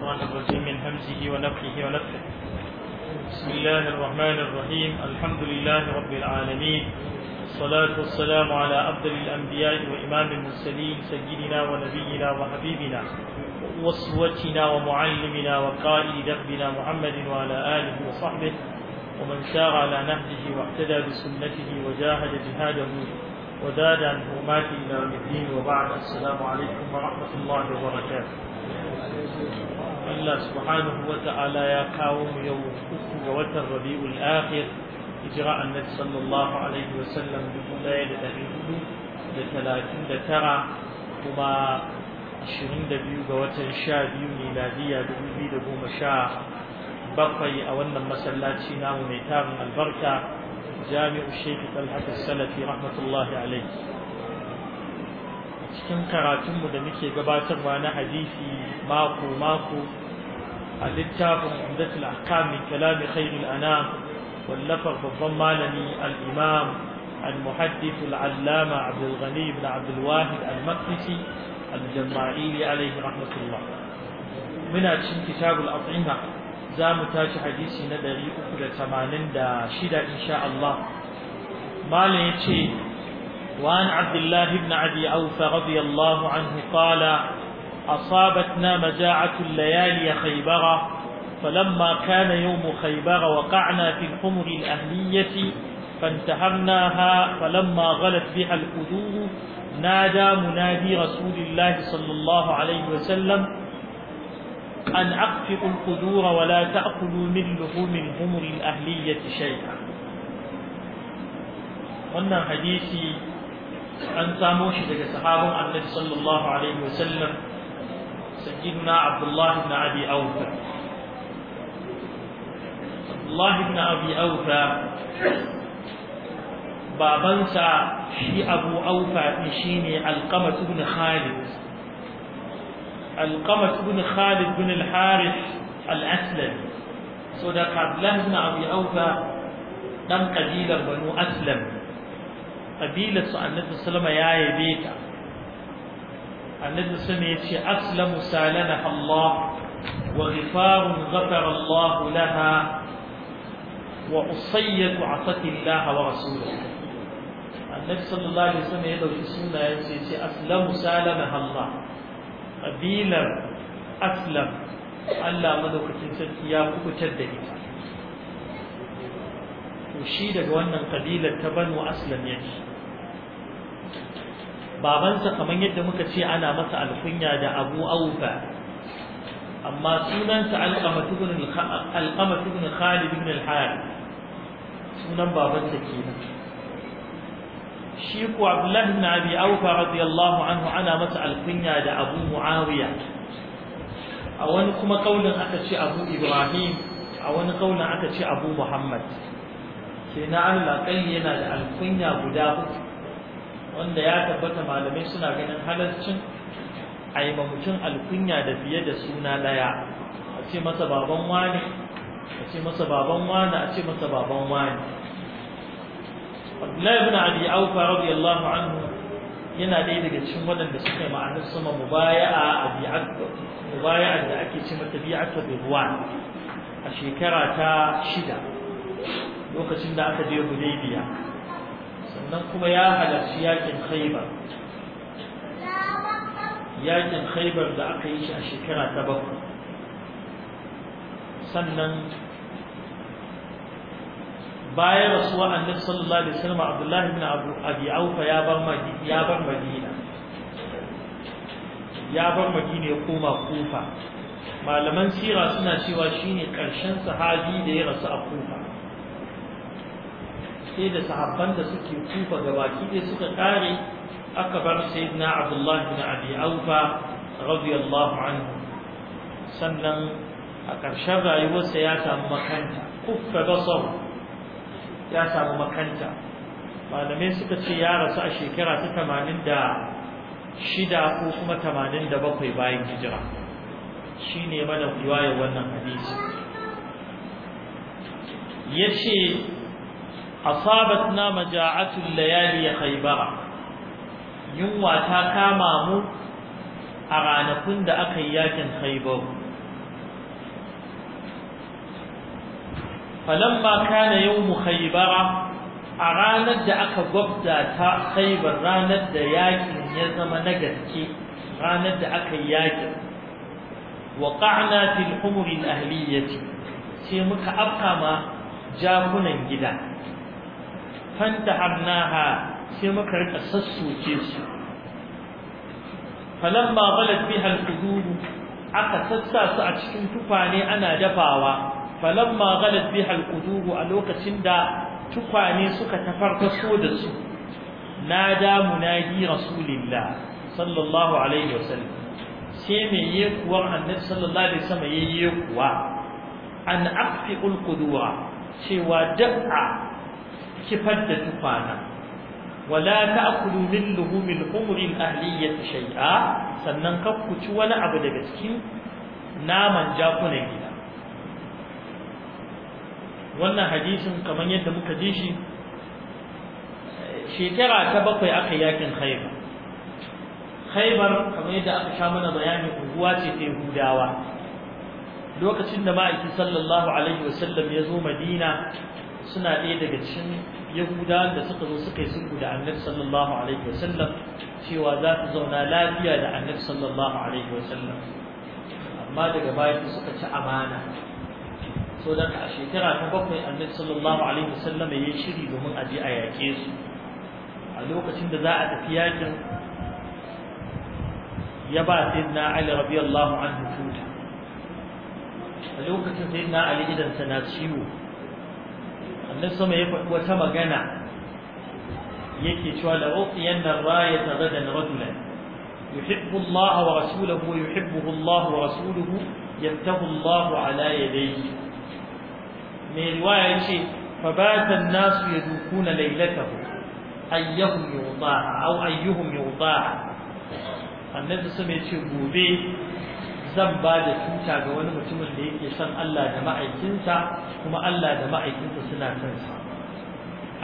الشيطان الرجيم من همزه ونفخه ونفخه بسم الله الرحمن الرحيم الحمد لله رب العالمين الصلاة والسلام على أفضل الأنبياء وإمام المرسلين سيدنا ونبينا وحبيبنا وصوتنا ومعلمنا وقائد دربنا محمد وعلى آله وصحبه ومن سار على نهجه واقتدى بسنته وجاهد جهاده وزاد عن حرمات إلى الدين وبعد السلام عليكم ورحمة الله وبركاته Allah subhanahu wa ta'ala ya kawo mu yau uku ga watan Rabiul Akhir hijira annabi sallallahu alaihi wa sallam dubu ɗaya da ɗari hudu da talatin da tara kuma ashirin da biyu ga watan sha biyu miladiya dubu biyu da goma sha bakwai a wannan masallaci namu mai tarin albarka jami'u shekhi talhata salafi rahmatullahi alaihi cikin karatunmu da muke gabatarwa na hadisi mako-mako a littafin umdatul akamin min kalami khairul Ana, wallafar babban malami al-imam al-muhaddith al-allama abdul ghani ibn abdul wahid al-maqdisi al-jama'ili alayhi rahmatullah muna cikin kitabul at'ima za mu tashi hadisi na 386 insha Allah malam yace وعن عبد الله بن عدي أوف رضي الله عنه قال أصابتنا مجاعة الليالي خيبرة فلما كان يوم خيبر وقعنا في الحمر الأهلية فانتهرناها فلما غلت بها القدور نادى منادي رسول الله صلى الله عليه وسلم أن أقفئوا القدور ولا تأكلوا من لحوم الحمر الأهلية شيئا. قلنا حديثي an samo shi daga sahabin annabi sallallahu alaihi wasallam sayyiduna abdullah ibn abi awfa abdullah ibn abi babansa shi abu awfa shine alqamat ibn khalid alqamat ibn khalid ibn al al-aslami so da abdullah ibn abi awfa dan kabilar banu aslam kabilar su annabi sallama ya yabe ta annabi sallama ya ce aslamu salana Allah wa ghifarun ghafara Allah laha wa usayyatu atati Allah wa rasuluhu annabi sallallahu alaihi wasallam ya dauki suna ya ce aslamu salana Allah kabilar aslam Allah madaukakin sarki ya kubutar da ita to shi daga wannan kabilar ta banu aslam yake babansa kamar yadda muka ce ana masa alkunya da abu aufa amma sunansa alƙama ibn khalid ibn al-harith sunan babansa kenan shi ku abdullahi na abi aufa radiyallahu anhu ana masa alkunya da abu muawiya a wani kuma kaulin aka ce abu ibrahim a wani kaulin aka ce abu muhammad sai na Allah kai yana da alkunya guda uku wanda ya tabbata malamai suna ganin halarcin a yi mutum alkunya da fiye da suna daya a ce masa baban wani a ce masa baban wani a ce masa baban wani Abdullahi ibn Abi Aufa radiyallahu anhu yana ɗaya daga cikin waɗanda suka yi ma'anar sama mubaya'a mubaya'a da ake ce mata bi'atu ruwa a shekara ta shida lokacin da aka je Hudaybiya sannan kuma ya halarci yakin khaibar yakin khaibar da aka yi shi a shekara ta bakwai sannan bayan rasuwa annabi sallallahu alaihi wasallam Abdullah ibn Abi Aufa ya bar Madina ya bar Madina ya bar Madina ya koma Kufa malaman sira suna cewa shine karshen sahabi da ya rasu a Kufa sai da sahabban da suke ga baki ɗaya suka kare aka bar sayyidina abdullahi bin abi aufa radiyallahu anhu sannan a ƙarshen rayuwarsa ya samu makanta kuffa basar ya samu makanta malamai suka ce ya rasu a shekara ta tamanin da shida ko kuma tamanin da bakwai bayan hijira shi ne mana riwayar wannan hadisi ya ce A asabatna maja'atul layali ya khaybara yunwa ta kama mu a ranakun da aka yi yakin khaybar falamma kana yawm khaybara a ranar da aka gwabda ta khaybar ranar da yakin ya zama na gaske ranar da aka yi yakin waqa'na fil humur al ahliyyah sai muka afkama jakunan gida فانتحرناها سيما كرت أسس وكيس فلما غلت بها الحدود أقسسا سأتشكم تفاني أنا دفاوا فلما غلت بها القدوب ألوك سندا تفاني سك تفرق سودس نادى منادي رسول الله صلى الله عليه وسلم سيما يقوى النبي صلى الله عليه وسلم يقوى أن أقفئ القدوة سوى دفع kifar da tukwana wala ta'kulu min luhumil umri ahliyyati shay'a sannan kar ku ci wani abu daga cikin naman jakunan gida wannan hadisin kamar yadda muka ji shi shekara ta bakwai aka yakin haiba khaibar kamar yadda aka sha mana bayani unguwa ce ta hudawa. lokacin da ma'aiki sallallahu alaihi wasallam ya zo madina suna ɗaya daga cikin yahuda da suka zo suka yi sulhu da annabi sallallahu alaihi wasallam cewa za ta zauna lafiya da annabi sallallahu alaihi wasallam amma daga baya suka ci amana so da a shekara ta bakwai annabi sallallahu alaihi wasallam ya shiri domin aje a yaƙe su a lokacin da za a tafi yakin ya ba sayyidina Ali radiyallahu anhu tuta a lokacin sayyidina Ali idan sana ciwo نسمه يكون وتما جنا يكي شوال أعطي أن الراية غدا رجلا يحب الله ورسوله ويحبه الله ورسوله يبتغ الله على يديه من رواية شيء فبات الناس يذوقون ليلته أيهم يوضع أو أيهم يوضع النبي صلى الله عليه وسلم zan ba da tuta ga wani mutumin da yake son Allah da ma'aikinsa kuma Allah da ma'aikinsa suna son sa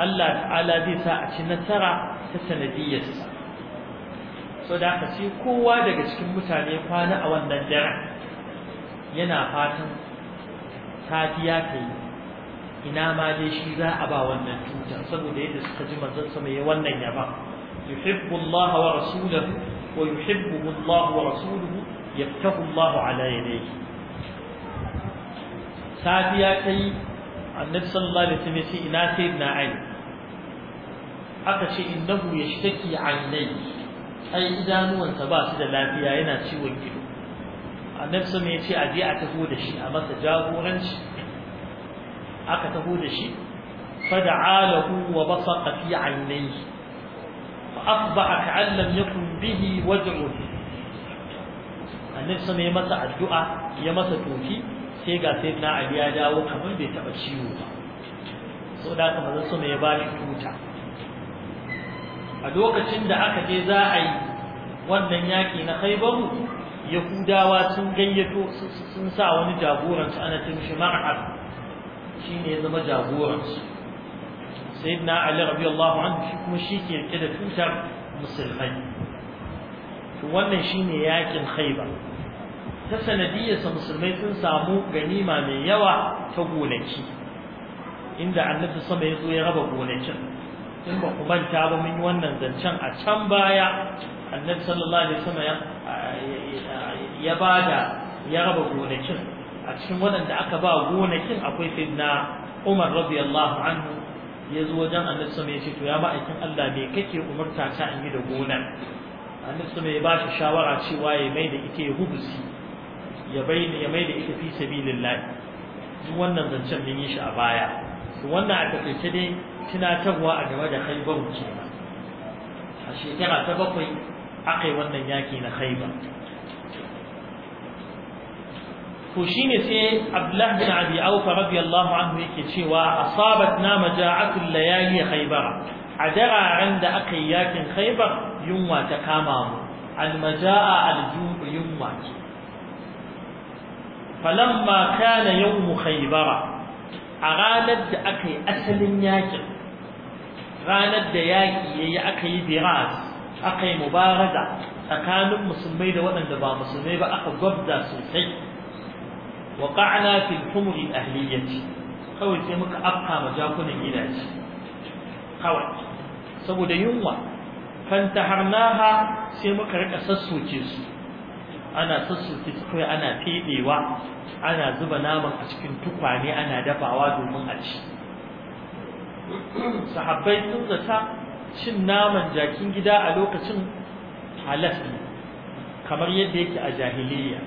Allah ta'ala zai sa a ci nasara ta sanadiyarsa so da haka sai kowa daga cikin mutane kwana a wannan daren yana fatan safiya ta yi ina ma dai shi za a ba wannan tutar saboda yadda suka ji manzon sama ya wannan yaba yuhibbu Allah wa rasuluhu wa yuhibbu Allah wa rasuluhu yaftahu Allahu ala yadayhi safiya kai annabi sallallahu alaihi wasallam sai ina sayyidina ali aka ce innahu yashtaki aynai ai idanuwansa ba su da lafiya yana ciwon gido annabi sallallahu alaihi wasallam aje a taho da shi a masa jagoranci aka taho da shi fada'a lahu wa basaqa fi aynai fa asbaha ka'an annabi sama ya masa addu'a ya masa toki, sai ga sai na ali ya dawo kamar bai taba ciwo ba so da haka manzon sama ya bashi tuta a lokacin da aka je za a yi wannan yaki na khaybaru yahudawa sun gayyato sun sa wani jagoran su ana tun shi shine ya zama jagoran su sayyidina ali radiyallahu anhu shi kuma shi ke da tutar musulmai wannan shine yakin khaybar ta sa musulmai sun samu ganima mai yawa ta gonaki inda annabi sama ya zo ya raba gonakin in ba ku manta ba mun yi wannan zancen a can baya annabi sallallahu alaihi wasallam ya bada ya raba gonakin a cikin waɗanda aka ba gonakin akwai sayyidina Umar radiyallahu anhu ya zo wajen annabi sama ya ce to ya ma'aikin Allah me kake umarta ta in yi da gonar annabi mai ya bashi shawara cewa ya mai da ita ya hubusi ya bayyana ya mai da ita fi sabilillah duk wannan zancen mun yi shi a baya to wannan a takaice dai tunatarwa a game da Khaibar kenan a shekara ta bakwai akai wannan yaki na Khaibar ko shine sai Abdullah bin Abi Auf radiyallahu anhu yake cewa na maja'atul layali Khaibara a dararen da aka yi yakin khaibar yunwa ta kama mu almaja'a aljubu yunwa ce falamma kana yawmu khaybara a ranar da aka yi asalin yakin ranar da yaki yayi aka yi biras aka yi mubarada tsakanin musulmai da waɗanda ba musulmai ba aka gwabda sosai wa qa'na fil humri ahliyati kawai sai muka afka ma jakunan gidaje kawai saboda yunwa fantaharnaha sai muka rika sassoke su ana sassoke su kawai ana fedewa ana zuba naman a cikin tukwane ana dafawa domin a ci sahabbai sun zata cin naman jakin gida a lokacin halas ne kamar yadda yake a jahiliya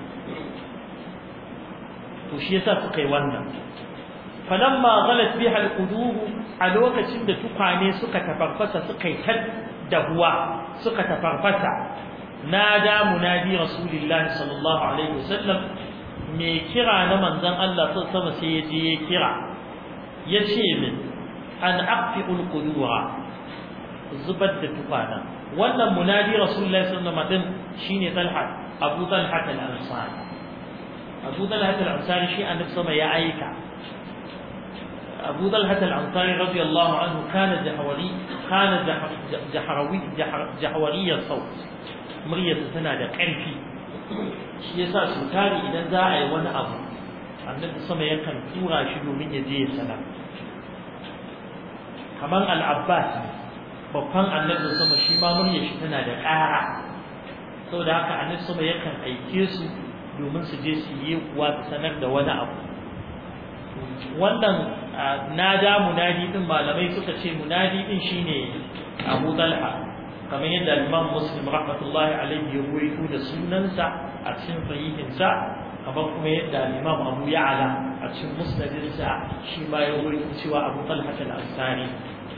to shi yasa suka yi wannan falamma ghalat biha alqulubu a lokacin da tukwane suka tafarfasa suka yi tar da huwa, suka tafarfasa na damu na bi rasulullahi sallallahu alaihi wasallam Me kira na manzon Allah sun sama sai ya je ya kira ya ce min an aqfi ulqudura zubar da tukwana wannan munadi rasulullahi sallallahu alaihi wasallam din shine Talha Abu Talha al-Ansari Abu Talha al-Ansari shi annabi sama ya aika أبو طلحة الأنصاري رضي الله عنه كان جحوري كان جحروي جحوري الصوت مرية سنة كارفي shi yasa su tari idan za a yi wani abu annabi sama yakan tura shi domin ya je ya sana kamar al-abbas babban annabi sama shi ma murya shi tana da ƙara saboda haka annabi sama yakan aike su domin su je su yi kuwa sanar da wani abu wannan Na nada munadi din malamai suka ce munadi din shine Abu Talha kamar yadda Imam Muslim rahmatullahi alaihi ya ruwaito da sunansa a cikin sahihinsa kamar kuma yadda Imam Abu Ya'la a cikin musnadinsa shi ma ya ruwaito cewa Abu Talha al-Ansari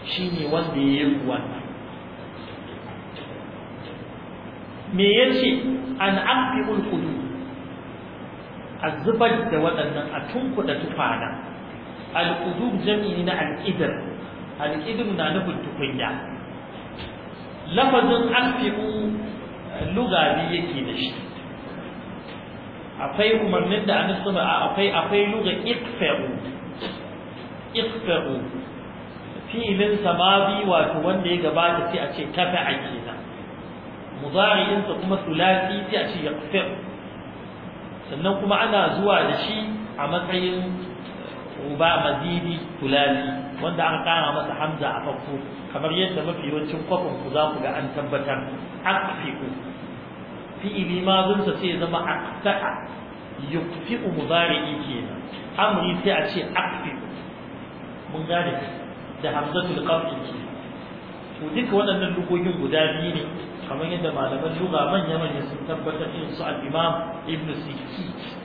shine wanda ya yi wannan me yace an aqbiul qulub azubar da waɗannan a tunkuda tufana al-qudub jami'i na al'idar. qidr al-qidr na nufin tukunya lafazin anfiqu eh, lugabi yake da shi akwai umarnin da annabi sallallahu akwai akwai lugha iqfa'u iqfa'u filin sababi wato wanda ya gabata sai a ce a kenan mudari'in sa kuma sulasi sai a ce yaqfa' sannan kuma ana zuwa da shi a matsayin uba mazidi kulali wanda an kara masa hamza a farko kamar yadda mafi yawancin kwafin ku za ku ga an tabbatar akfi'u fi'ili ma zunsa sai zama akta'a yukfi'u mudari'i kenan amri sai a ce akfi'u mun gane da hamzatul qaf'i ke. to duka waɗannan lugogin guda biyu ne kamar yadda malaman lugha manya-manya sun tabbatar irin su al-imam ibn sikki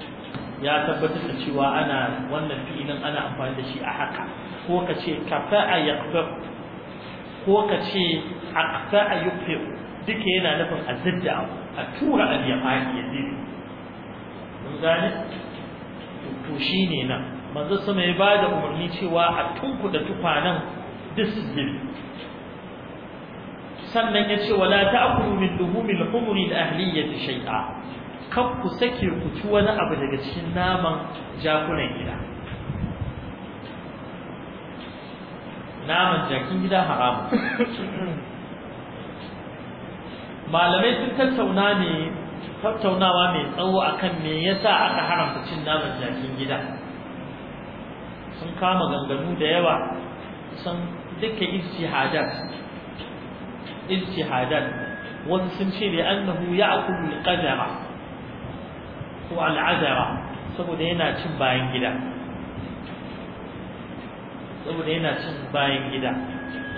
ya tabbatar da cewa ana wannan fi'ilin ana amfani da shi a haka ko ka ce a yaqfa ko ka ce a yuqfi duka yana nufin a zidda abu a tura a ya fadi iya zibi mun gane to shine nan manzo sama ya bada umarni cewa a tunkuda tukwanan duk su zidda sannan ya ce wala ta'kulu min luhumil humri al-ahliyyati shay'a kan ku ku ci wani abu daga cikin naman jakunan gida naman jakin gida haramu malamai sun tattauna ne tattaunawa mai tsawo akan me yasa aka haramta cin naman jakin gida sun kama ganganu da yawa sun duka ijtihadat ijtihadat wasu sun ce da annahu ya'kulu al-qadara ko al'azara saboda yana cin bayan gida saboda yana cin bayan gida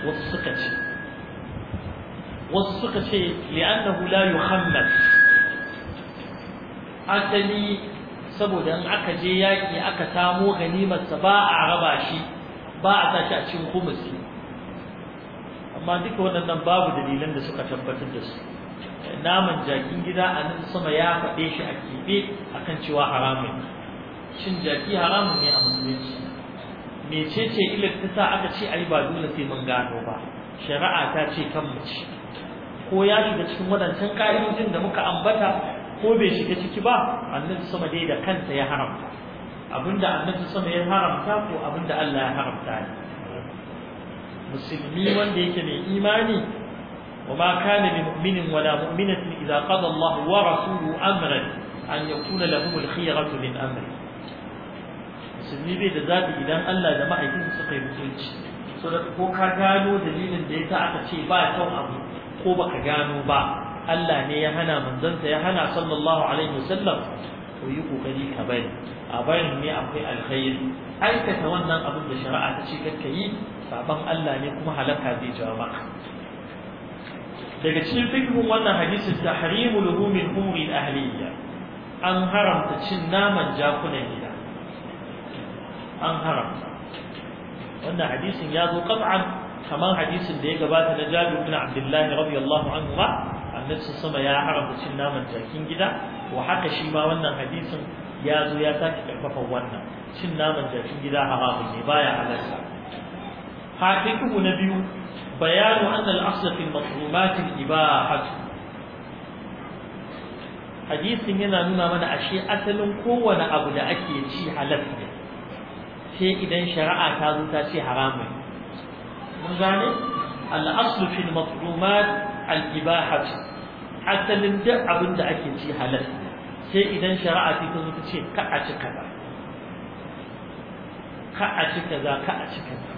wasu suka ce wasu suka ce li'annahu la yuhammas asali saboda in aka je yaƙi aka samo ganimarsa ba a raba shi ba a tashi a cikin kumusi amma duka waɗannan babu dalilan da suka tabbatar da su naman jakin gida a nan sama ya faɗe shi a keɓe akan cewa haramun shin jaki haramun ne a musulunci ce, ilar ta sa aka ce ai ba dole sai mun gano ba shari'a ta ce kan mu ko ya shiga cikin wadancan ka'idojin da muka ambata ko bai shiga ciki ba annabi sama dai da kanta ya haramta abinda annabi sama ya haramta ko abinda Allah ya haramta ne musulmi wanda yake mai imani وما كان لمؤمن ولا مؤمنة إذا قضى الله ورسوله أمرا أن يكون لهم الخيرة من أمره musulmi bai da zaɓi idan Allah da su suka yi mutunci so da ko ka gano dalilin da ya sa aka ce ba kyau abu ko baka gano ba Allah ne ya hana manzanta ya hana sallallahu alaihi wasallam to yi kokari ka bari a bayan ne akwai alkhairi aikata wannan abin da shari'a ta ce kakka yi saban Allah ne kuma halaka zai jawo maka daga cikin fikihun wannan hadisin tahrimu luhumil umri ahliya an haramta cin naman jakunan gida an haramta wannan hadisin ya zo qat'an kamar hadisin da ya gabata na Jabir bin Abdullah radiyallahu anhu ba annabi sama ya haramta cin naman jakin gida wa haka shi ma wannan hadisin ya zo ya saki karfafa wannan cin naman jakin gida haramun ne baya halarta haƙiƙu na biyu بيان أن الأصل في المطلوبات الإباحة حديث هنا نونا من أشياء أسل كون أبو لأكي شي حلفني شيء إذا شرعة تازو شي حرام من ذلك الأصل في المطلوبات الإباحة حتى نبدأ أبو لأكي شي حلفني شيء إذا شرعة تازو شي كأتي كذا كأتي كذا كأتي كذا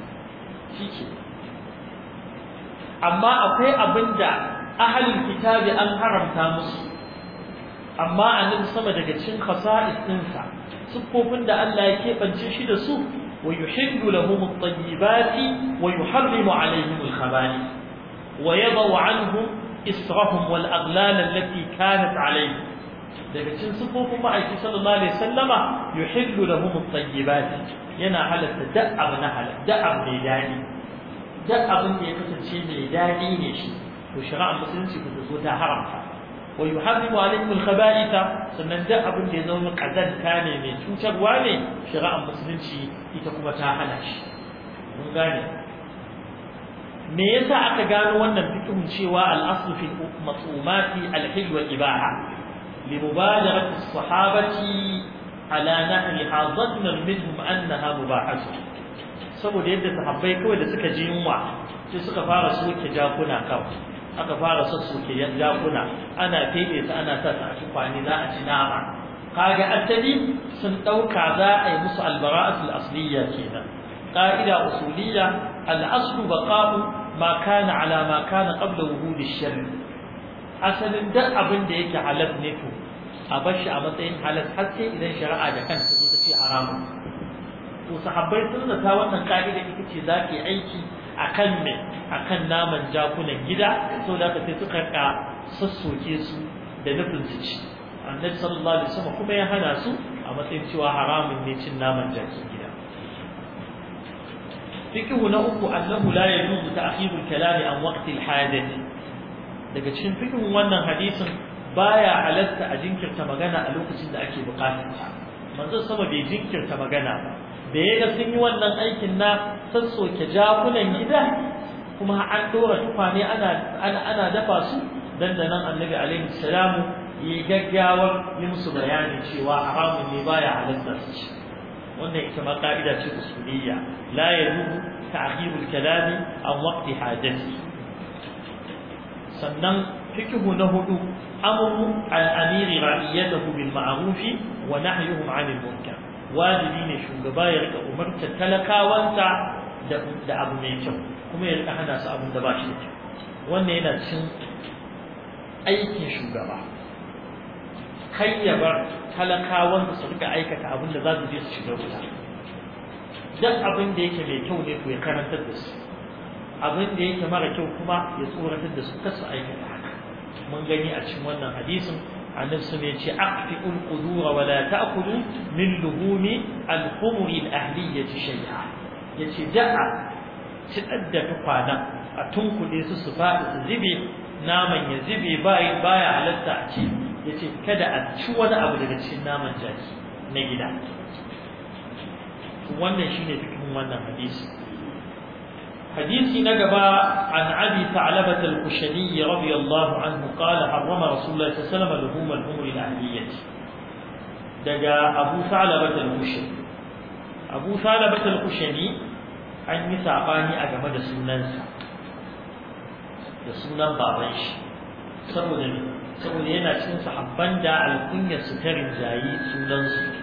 شيء amma akwai abinda da ahalin kitabi an haramta musu amma annabi sama daga cikin khasa'is ɗinsa siffofin da Allah ya keɓance shi da su wa yuhillu lahum at-tayyibati wa yuharrimu alayhim al-khaba'ith wa yadhu anhum israhum wal aghlal allati kanat alayhim daga cikin siffofin ma'aiki sallallahu alaihi wasallama yuhillu lahum at-tayyibati yana halatta da'ab na halal da'ab ne dadi duk abin da ya kasance mai daɗi ne shi to shari'ar musulunci ba zo ta haramta wa yuharrimu alaikum al-khaba'itha sannan duk abin da ya zama kazanta ne mai cutarwa ne shari'ar musulunci ita kuma ta hana shi mun gane me yasa aka gano wannan fikihun cewa al-aslu fi masumati al-hil wal ibaha لمبالغة الصحابة على نحن حظنا منهم أنها مباحة saboda yadda sahabbai kawai da suka ji yunwa sai suka fara soke jakuna kawai aka fara soke jakuna ana feɗe su ana sa su a tukwani za a ci nama kaga asali sun ɗauka za a yi musu albara'atul asliya kenan ƙa'ida usuliyya al'aslu baqa'u ma kana ala ma kana qabla wuhudi sharri asalin duk abin da yake halal ne to a bar shi a matsayin halal har sai idan shari'a da kanta ta ce haramun to sahabbai sun zata wannan ka'ida ita ce za ta yi aiki a kan mai a kan naman jakunan gida sau da sai suka ka sassoke su da nufin su ci annabi sallallahu alaihi wasallam kuma ya hana su a matsayin cewa haramun ne cin naman jakin gida fikihu na uku annahu la yajuzu al-kalam an al hadath daga cikin fikihun wannan hadisin baya halatta a jinkirta magana a lokacin da ake bukatar ta manzo sama bai jinkirta magana ba da ya ga sun yi wannan aikin na sassoke jakunan gida kuma an dora tukwane ana dafa su dan da nan annabi alaihi salamu yi gaggawar yi musu bayanin cewa haramun ne baya halatta su ci wannan ita ma ka'ida ce usuliyya la ya ta'khiru al-kalami an waqti hajati sannan fikihu na hudu amru al-amiri ra'iyatahu bil ma'ruf wa nahyuhum 'anil munkar wajibi ne shugaba ya rika umarta talakawansa da abu mai kyau kuma ya rika hana su abin da ba shi da kyau wannan yana cin aikin shugaba kai ya bar talakawansa su rika aikata abin da za su je su shiga wuta duk abin da yake mai kyau ne ko ya karantar da su abin da yake mara kyau kuma ya tsoratar da su kasu aikata haka mun gani a cikin wannan hadisin annabi sun yace aqfi'ul qudura wa la ta'kulu min luhumi al-khumur al-ahliyyati shay'a yace da'a ci dadda kwanan a tunkuɗe su su faɗi su zube naman ya zube baya baya halatta a ci yace kada a ci wani abu daga cikin naman jaki na gida wannan shine cikin wannan hadisi حديثي نقبا عن أبي ثعلبة الخشني رضي الله عنه قال حرم رسول الله صلى الله عليه وسلم لحوم الحمر الأهلية دقا أبو ثعلبة الخشني أبو ثعلبة الخشني أن يسعقاني أجمد سننسا da sunan baban shi saboda saboda yana cikin sahabban da alkunya su ta rinjayi sunansu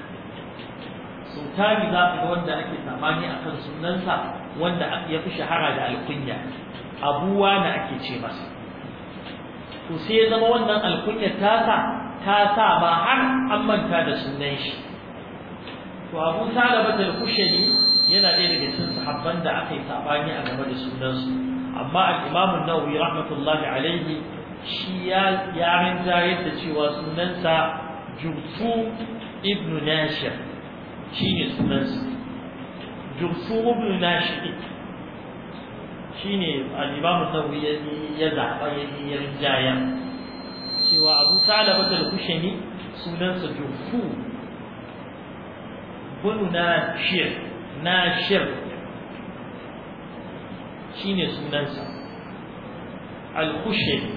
sau tari za ka ga wanda ake tsamani a kan sunansa wanda ya fi shahara da alkunya abuwa na ake ce masa to sai ya zama wannan alkunyar tasa ta sa ba har an manta da sunan shi to abu salama da kushani yana ɗaya daga cikin sahabban da aka yi sabani a game da sunansu amma al-imamu nawawi rahmatullahi alaihi shi ya yarin yadda da cewa sunansa jurtu ibnu nashir shine sunansa jursuru bin nashi shine al-imam sawi ya zaɓa ya yi rinjaya cewa abu talaba al-kushani sunansa jurfu bin nashir nashir shine sunansa al-kushani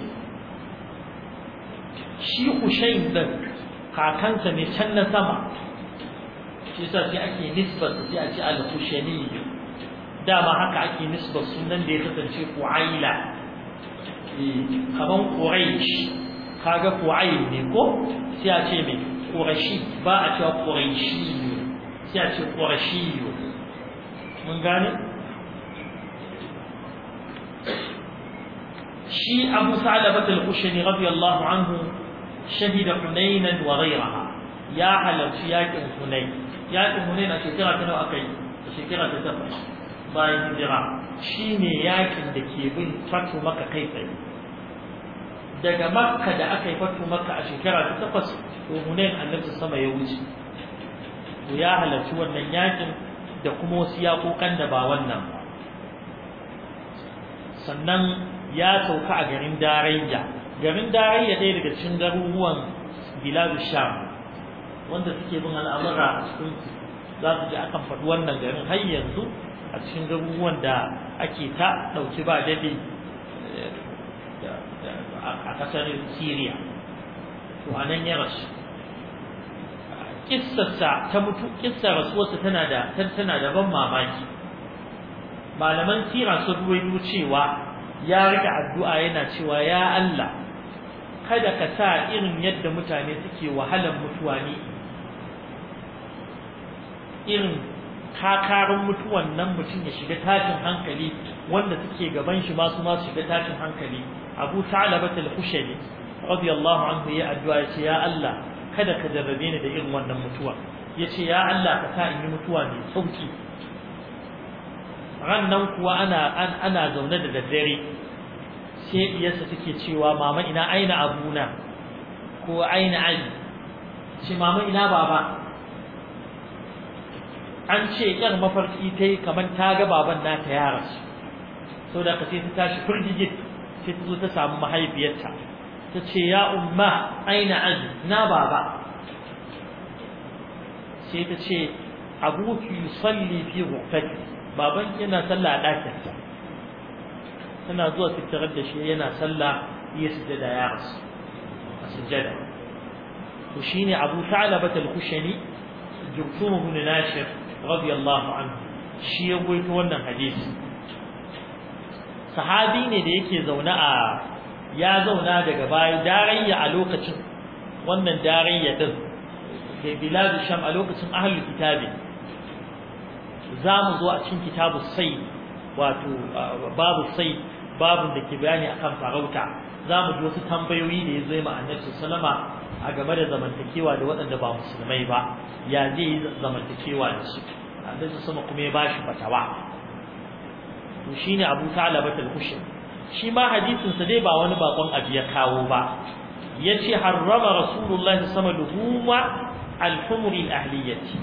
shi kushain din kakansa ne can na sama shi yasa sai ake nisbar sai a ce al-khushani dama haka ake nisbar sunan da ya kasance ku'aila kaman quraish kaga ku'ail ne ko sai a ce me qurashi ba a cewa quraishi sai a ce qurashi mun gane shi Abu Sa'labat al-Khushani radiyallahu anhu shahida Hunaynan wa ghayraha ya halarci yakin Hunayn yaƙin hunain a shekara ta nawa aka yi a shekara ta takwas bayan hijira shi ne yaƙin da ke bin fatu maka kai tsaye daga makka da aka yi fatu maka a shekara ta takwas to hunain annabi sama ya wuce to ya halarci wannan yaƙin da kuma wasu yaƙoƙan da ba wannan sannan ya sauka a garin darayya garin darayya ɗaya daga cikin garuruwan bilal sham wanda suke bin al'amura a cikin za su ji akan faɗi wannan garin har yanzu a cikin garuruwan da ake ta ɗauki ba daɗe eh, a ƙasar Siriya to a nan ya rasu kissarsa ta mutu kissar rasuwarsa tana da tana da ban mamaki malaman sira sun ruwaito cewa ya rika addu'a yana cewa ya Allah kada ka sa irin yadda mutane suke wahalar mutuwa irin kakarin mutuwan nan mutum ya shiga tashin hankali wanda suke gaban shi masu masu shiga tashin hankali abu salabat al-hushayli radiyallahu anhu ya addu'a ya ce ya Allah kada ka jarrabe ni da irin wannan mutuwa ya ce ya Allah ka sa in yi mutuwa mai sauki ran nan kuwa ana ana zaune da daddare sai diyarsa take cewa mama ina aina abuna ko aina ali ce mama ina baba an ce yar mafarki ta yi kamar ta ga baban nata ya rasu so da ka ta tashi firgigit sai ta zo ta samu mahaifiyarta ta ce ya umma aina an na baba sai ta ce abuki salli fi ghurfati baban yana sallah a ɗakinsa tana zuwa tattarar da shi yana sallah ya sujada ya rasu a sujada to shine Abu Sa'labah al-Khushani Jurthum ibn Nashir radiyallahu anhu shi ya goyito wannan hadisi sahabi ne da yake zaune a ya zauna daga baya darayya a lokacin wannan darayya din da bilad sham a lokacin ahli kitabi za mu zo a cikin kitabu sai wato babu sai babun da ke bayani akan farauta za ji wasu tambayoyi da ya zo ma annabi sallama a game da zamantakewa da waɗanda ba musulmai ba ya zai yi zamantakewa da su su sama kuma ya bashi fatawa to shine Abu ta al shi ma hadisin sa dai ba wani bakon abu ya kawo ba ce harrama rasulullahi sama duhuma alhumri humri ahliyati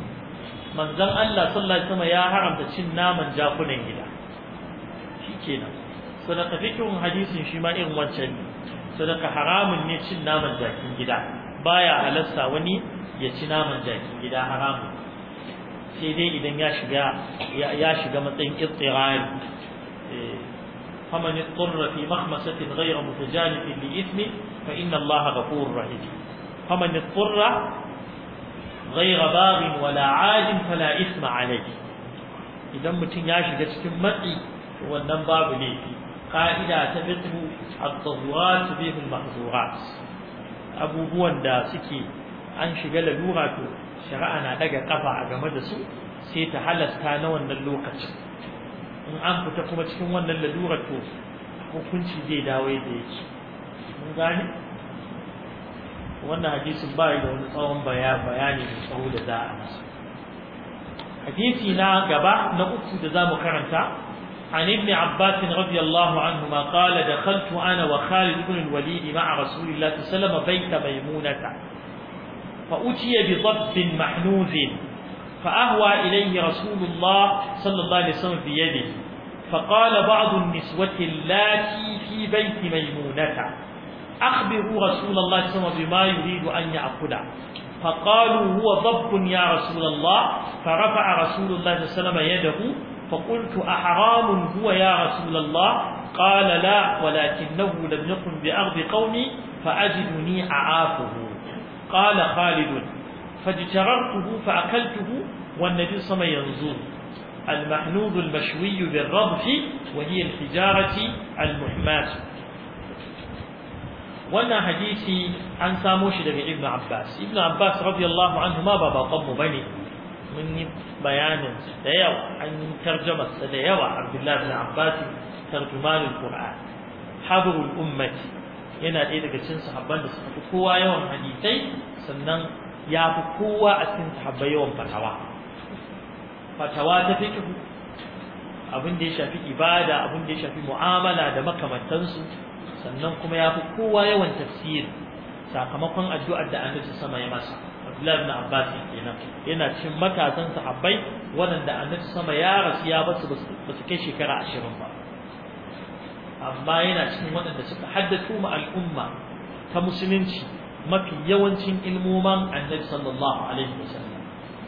Allah sallallahu alaihi ya haramta cin naman jakunan gida shikenan so da fikin hadisin shi ma irin wancan ne so da haramun ne cin naman jakin gida baya halarsa wani ya ci naman jakin gida haramun sai dai idan ya shiga ya shiga matsayin ittirari eh, faman yutturra fi mahmasatin ghayra mutajanifin li ithmi fa inna Allah ghafurur rahim faman yutturra ghayra baghin wala 'adin fala ithma alayhi idan mutum ya shiga cikin matsi wannan babu laifi قاعدة تبطل الضرورات به المحظورات abubuwan da suke an shiga lalura to shari'a na daga kafa a game da su sai ta halasta na wannan lokacin in an fita kuma cikin wannan lalura to hukunci zai dawo da yake mun gane wannan hadisin ba da wani tsawon bayani mai tsawo da za a masa hadisi na gaba na uku da za mu karanta عن ابن عباس رضي الله عنهما قال دخلت أنا وخالد بن الوليد مع رسول الله صلى الله عليه وسلم بيت ميمونة فأتي بضب محنوذ فأهوى إليه رسول الله صلى الله عليه وسلم بيده فقال بعض النسوة اللاتي في بيت ميمونة أخبروا رسول الله صلى الله عليه وسلم بما يريد أن يأكله فقالوا هو ضب يا رسول الله فرفع رسول الله صلى الله عليه وسلم يده فقلت أحرام هو يا رسول الله قال لا ولكنه لم يكن بأرض قومي فأجدني أعافه قال خالد فاجتررته فأكلته والنبي صلى الله عليه وسلم ينظر المشوي بالرضف وهي الحجارة المحماة وانا حديثي عن samo بن ابن عباس ابن عباس رضي الله عنه ما بابا baƙonmu بني mun yi bayanin da yawa an yi tarjamar sa da yawa Abdullahi bin Abbas tarjumanul Qur'an habrul ummati yana ɗaya daga cikin sahabban da suka fi kowa yawan hadisai sannan ya fi kowa a cikin sahabbai yawan fatawa fatawa ta fiqh abin da ya shafi ibada abin da ya shafi mu'amala da makamantansu sannan kuma ya fi kowa yawan tafsiri sakamakon addu'ar da annabi sama ya masa Abdullah ibn Abbas kenan yana cin matasan sahabbai waɗanda annabi sama ya rasu ya basu basu kai shekara 20 ba amma yana cin waɗanda suka haddatu ma al'umma ta musulunci mafi yawancin ilmoman annabi sallallahu alaihi wasallam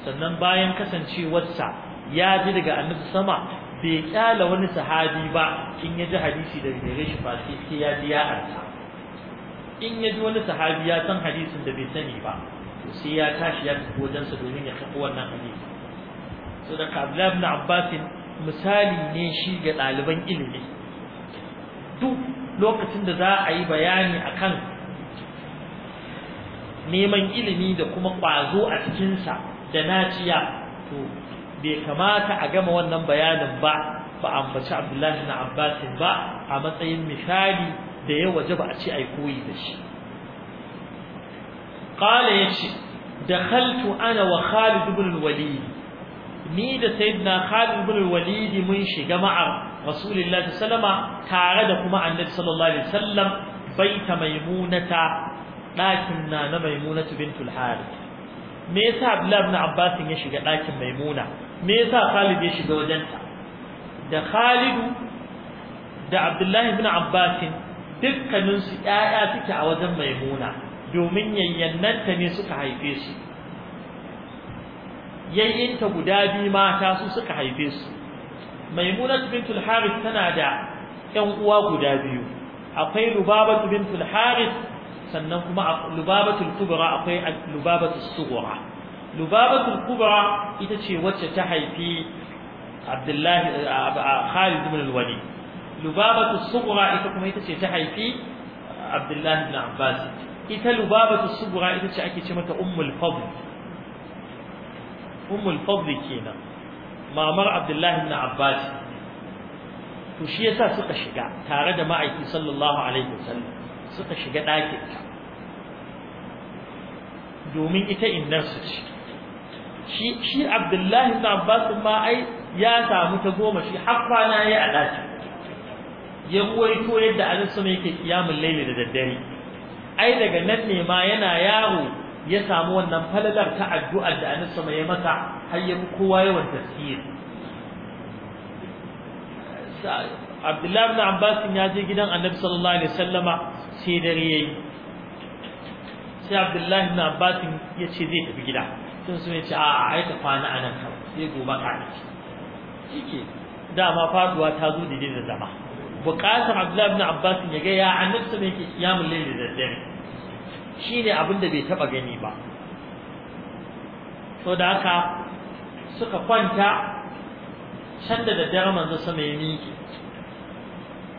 sannan bayan kasancewarsa ya ji daga annabi sama bai kyala wani sahabi ba in ya ji hadisi da gare shi ba sai ya ji ya arta in ya ji wani sahabi ya san hadisin da bai sani ba sai ya tashi ya tafi wajen sa domin ya karɓi wannan hadisi so da Abdullah ibn Abbas misali ne shi ga ɗaliban ilimi duk lokacin da za a yi bayani a kan neman ilimi da kuma ƙwazo a cikinsa da naciya to bai kamata a gama wannan bayanin ba ba ambaci Abdullahi na Abbasin ba a matsayin misali da ya waje ba a ce ai koyi da shi ya ce, da haltu ana wa Khalid ibn Walidi, ni da sayyidina Khalid ibn Walidi mun shiga ma'a Rasulullahi sallama tare da kuma Annabi sallallahu alaihi wasallam baita maimunata dakin na na maimunatu bintul Harith me yasa Abdullah ibn Abbas ya shiga dakin Maimuna me yasa Khalid ya shiga wajenta da Khalid da Abdullah ibn Abbas dukkanin su ƴaƴa suke a wajen Maimuna domin yayyannanta ne suka haife su yayyinta guda biyu mata su suka haife su maimunat bintul harith tana da ƴan uwa guda biyu akwai lubabatu bintul harith sannan kuma Lubabatu kubra akwai Lubabatu sughra Lubabatu kubra ita ce wacce ta haifi abdullahi khalid ibn al-walid lubabatul sughra ita kuma ita ce ta haifi abdullahi ibn abbas ita lubabatu sugura ita ce ake ce mata ummul fadl ummul fadl kenan mamar abdullahi ibn abbas to shi yasa suka shiga tare da ma'aiki sallallahu alaihi wasallam suka shiga ɗakin ta domin ita innar su ce shi shi abdullahi ibn abbas ma ai ya samu ta goma shi har na yi a ɗakin ya ruwaito yadda annabi sama yake kiyamul laili da daddare ai daga nan ne ma yana yaro ya samu wannan falalar ta addu'ar da Annabi sama ya har ya kowa yawan tafsir Abdullahi ibn Abbas ya je gidan Annabi sallallahu alaihi wasallama sai dare yayi sai Abdullahi ibn Abbas ya ce zai tafi gida sun sun ce a ai ta fana anan ka sai gobe ka tafi shike dama faduwa ta zo da zama Buƙatar Abdullahi ibn Abbas ya ga ya Annabi sallallahu alaihi wasallama yake kiyamul layl da daddare Shi ne abin da bai taba gani ba so da haka suka kwanta can da daddare manzo sama ya miƙe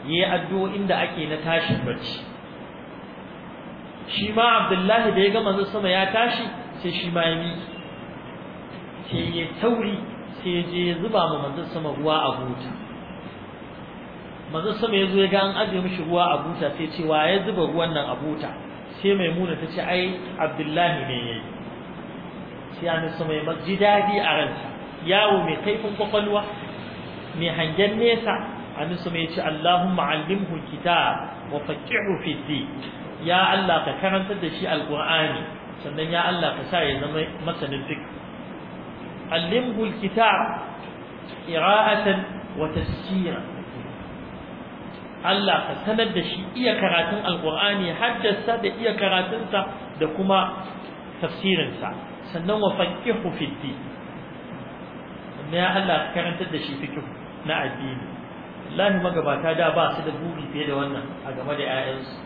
yi addu'o'in da ake na tashin bacci shi ma Abdullahi da ya ga manzo sama ya tashi sai shi ma ya miƙe sai ya tauri sai je ya zuba ma manzo sama ruwa a buta manzo sama ya zo ya ga an ajiye mishi ruwa a buta sai ce ya zuba ruwan nan a buta sai maimuna ta ce ai abdullahi ne yayi sai an sama mai daɗi a ranta yawo mai kaifin kwakwalwa mai hangen nesa an sama ya ce Allahumma allimhu kitab wa faqihu fiddi. ya Allah ka karantar da shi alqur'ani sannan ya Allah ka sa ya zama masanin fiqh allimhu alkitab qira'atan wa tafsiran Allah ka sanar da shi iya karatun alqur'ani haddasa da iya karatunsa da kuma tafsirinsa sannan wa faqihu fiddi. sannan ya Allah ka karantar da shi fiqh na addini wallahi magabata da ba su da buri fiye da wannan a game da 'ya'yansu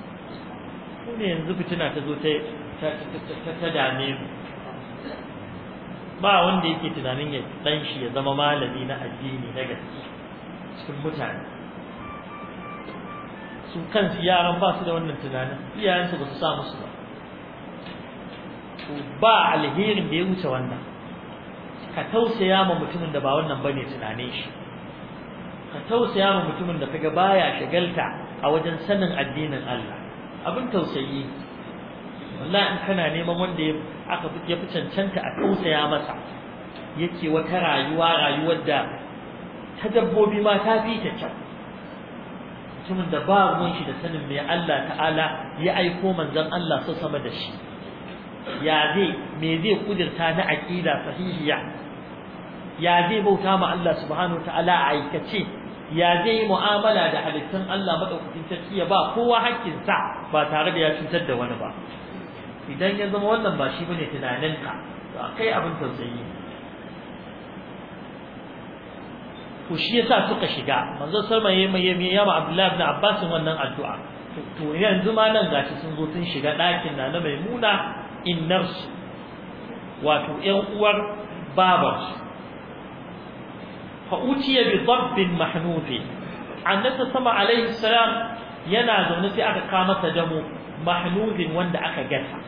su ne yanzu fitina ta zo ta dame mu ba wanda yake tunanin ya dan shi ya zama malami na addini na gaske cikin mutane su kansu yaran ba su da wannan tunanin iyayensu ba su samu su ba ba alherin da ya wuce wannan ka tausaya ma mutumin da ba wannan bane tunanin shi ka tausaya ma mutumin da kaga baya shagalta a wajen sanin addinin Allah abin tausayi wallahi in kana neman wanda ya aka ya fi cancanta a tausaya masa yake wata rayuwa rayuwar da ta dabbobi ma ta fi ta can. mutumin da ba ruwan shi da sanin mai Allah ta'ala ya aiko manzon Allah so sama da shi ya zai me zai kudirta na aƙida sahihiya ya zai bauta ma Allah subhanahu ta'ala a aikace ya zai mu'amala da halittun Allah madaukakin sarki ya ba kowa hakkin sa ba tare da ya cutar da wani ba idan ya zama wannan ba shi bane tunaninka to akai abin tausayi ku shi yasa suka shiga manzo salma yayi mai yayi yama abdullahi ibn abbas wannan addu'a to yanzu ma nan gashi sun zo sun shiga ɗakin na na maimuna innarsu wato 'yan uwar babar fa utiya bi dabbin mahnufi annabi sama alaihi salam yana zaune sai aka kawo masa damo mahnufin wanda aka gata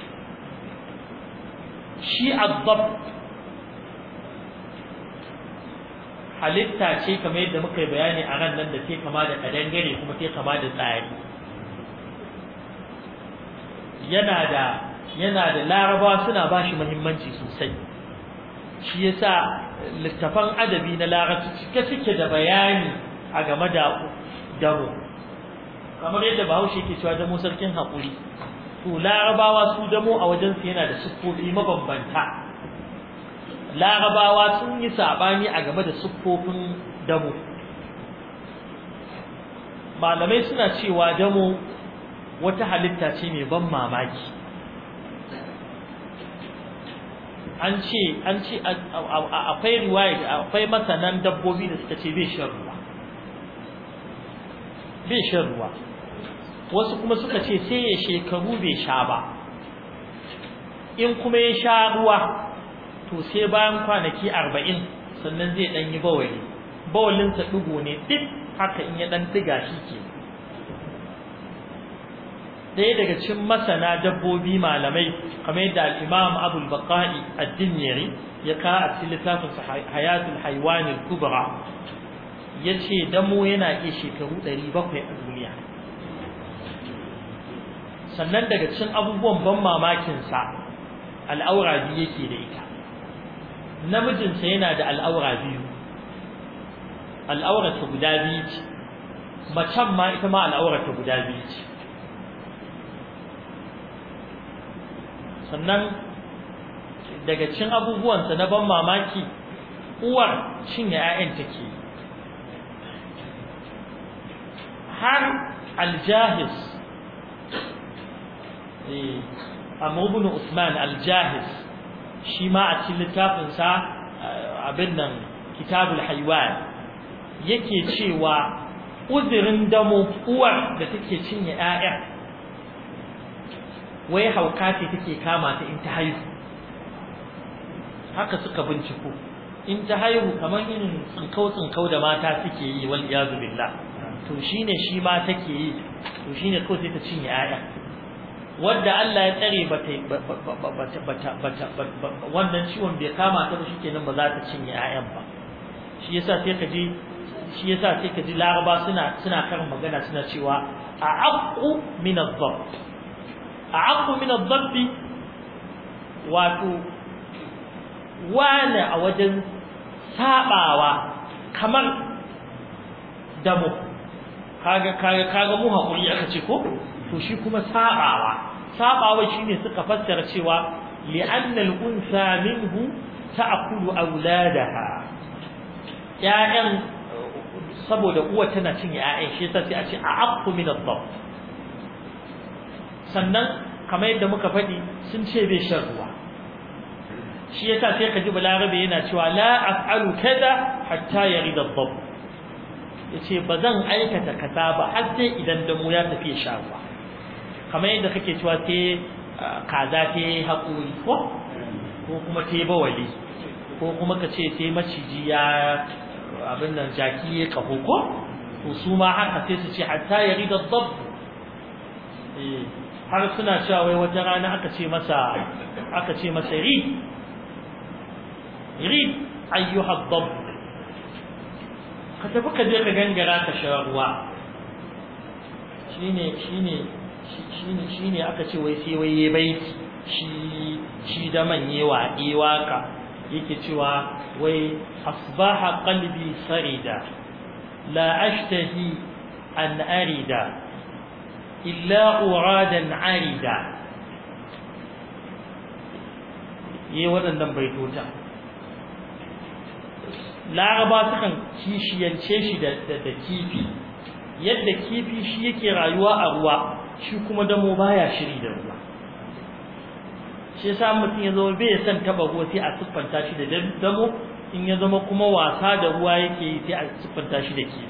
shi adab halitta ce kamar yadda muka yi bayani a ran nan da ke kama da kadangare kuma ke kama da tsari yana da yana da laraba suna ba shi muhimmanci sosai shi yasa littafan adabi na larabci cike cike da bayani a game da dabo kamar yadda bahaushe ke cewa damo sarkin Hakuri. to larabawa su damo a wajensu yana da siffofi mabambanta larabawa sun yi sabani a game da siffofin damo malamai suna cewa damo wata halitta ce mai ban mamaki an ce an ce akwai riwaya akwai masanan dabbobi da suka ce bai ruwa bai shan ruwa wasu kuma suka ce sai ya shekaru bai sha ba in kuma ya sha ruwa to sai bayan kwanaki arba'in sannan zai ɗan yi bawali bawalinsa ɗigo ne duk haka in ya ɗan diga shi ke ɗaya daga cikin masana dabbobi malamai kamar al-Imam Abu al baqa'i ad-dinyari ya ka a cikin littafin hayatul kubra yace damo yana iya shekaru ɗari a duniya sannan daga cikin abubuwan ban mamakinsa al'aura biyu yake da ita namijinsa yana da al'aura biyu al'aurarsa guda biyu ce macen ma ita ma al'aurarta guda biyu ce sannan daga cin abubuwansa na ban mamaki uwar cinye 'ya'yan ke. har aljahis eh, amma ibn usman aljahis shi ma a cikin littafinsa eh, abin nan kitabul haiwan yake cewa uzirin damo uwar da take cinye 'ya'ya wai hauka ce take kama ta in ta haihu haka suka binciko in ta haihu kamar inin tsinkau-tsinkau da mata suke yi wal iyazu billah to shine shi ma take yi to shine kawai sai ta cinye 'ya'ya wadda Allah ya tsare wannan ciwon bai kama ta ba shikenan ba za ta cinye 'ya'yan ba shi yasa sai ka ji shi yasa sai ka ji laraba suna suna karin magana suna cewa a'aqqu min adh-dhabt a'aqqu min adh-dhabt wato wane a wajen sabawa kamar damo kaga kaga kaga mu hakuri aka ce ko to shi kuma sabawa sabawa shine suka fassara cewa li'anna al-unsa minhu ta'kulu auladaha ya'an saboda uwa tana cin ya'an shi sai a ce a'aqqu min ad sannan kamar yadda muka faɗi sun ce bai shan ruwa shi yasa sai ka ji balarabe yana cewa la af'alu kaza hatta yarida ad-dab yace bazan aikata kaza ba har sai idan damo ya tafi sha ruwa kamar yadda kake cewa sai kaza ke haƙuri ko ko kuma sai bawali ko kuma ka ce sai maciji ya abin nan jaki ya kaho ko to su ma haka sai su ce hatta ya rida dab eh, har suna cewa wai wata rana aka ce masa aka ce masa rid rid ayyuha dab ka tafi ka je ka gangara ka sha ruwa shine shine shi ne aka ce wai sai wai ya shi shi da manye wa waka yake cewa wai asbaha qalbi sarida la ashtahi an arida illa uradan arida yi waɗannan baitota laraba sukan kishiyance shi da kifi yadda kifi shi yake rayuwa a ruwa shi kuma damo baya shiri da ruwa shi yasa mutum ya zama bai san taba ruwa sai a siffanta shi da damo in ya zama kuma wasa da ruwa yake yi sai a siffanta shi da ke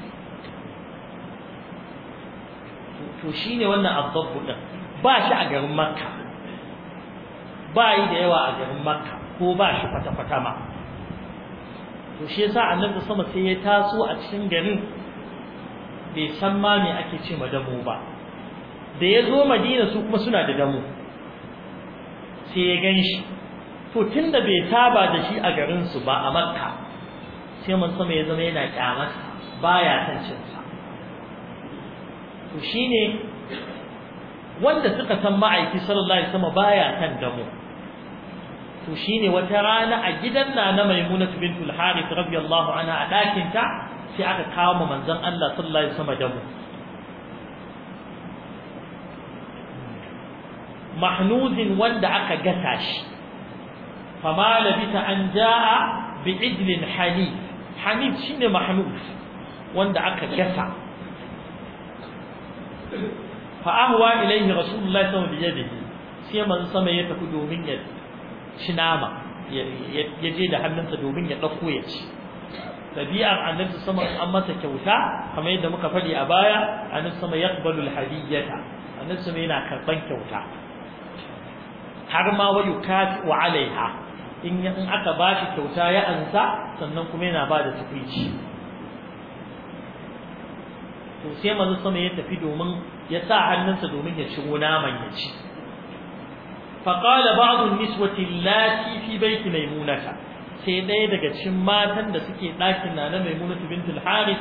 to shine wannan abubu din ba shi a garin makka ba yi da yawa a garin makka ko ba shi kwata-kwata ma to shi yasa annabi sama sai ya taso a cikin garin bai san ma me ake ce ma damo ba da ya zo madina su kuma suna da damu sai ya gan shi to tun da bai saba da shi a garinsu ba a makka sai manzo mai zama yana kyamarsa baya son cinsa to shine wanda suka san ma'aiki sallallahu alaihi wasallam baya san damu to shine wata rana a gidan na Maimunatu bintul Harith radiyallahu anha a dakin ta sai aka kawo manzon Allah sallallahu alaihi wasallam damu mahnuzin wanda aka gasa shi fama labita an ja'a bi idlin hanif hanif shine mahnuz wanda aka gasa fa ahwa ilayhi rasulullahi sallallahu alaihi wasallam sai man sama ya tafi domin ya ci nama ya je da hannunsa domin ya ɗauko ya ci tabi'ar annabi sama an masa kyauta kamar yadda muka faɗi a baya annabi sama yaqbalu alhadiyata annabi sama yana karban kyauta har ma wa yukati alaiha in aka ba shi kyauta ya ansa sannan kuma yana ba da tukwici to sai manzo sama ya tafi domin ya sa hannunsa domin ya ciro naman ya ci فقال بعض النسوة اللاتي في بيت ميمونة sai ɗaya daga cikin matan da suke ɗakin na na Maimunatu bint al-Harith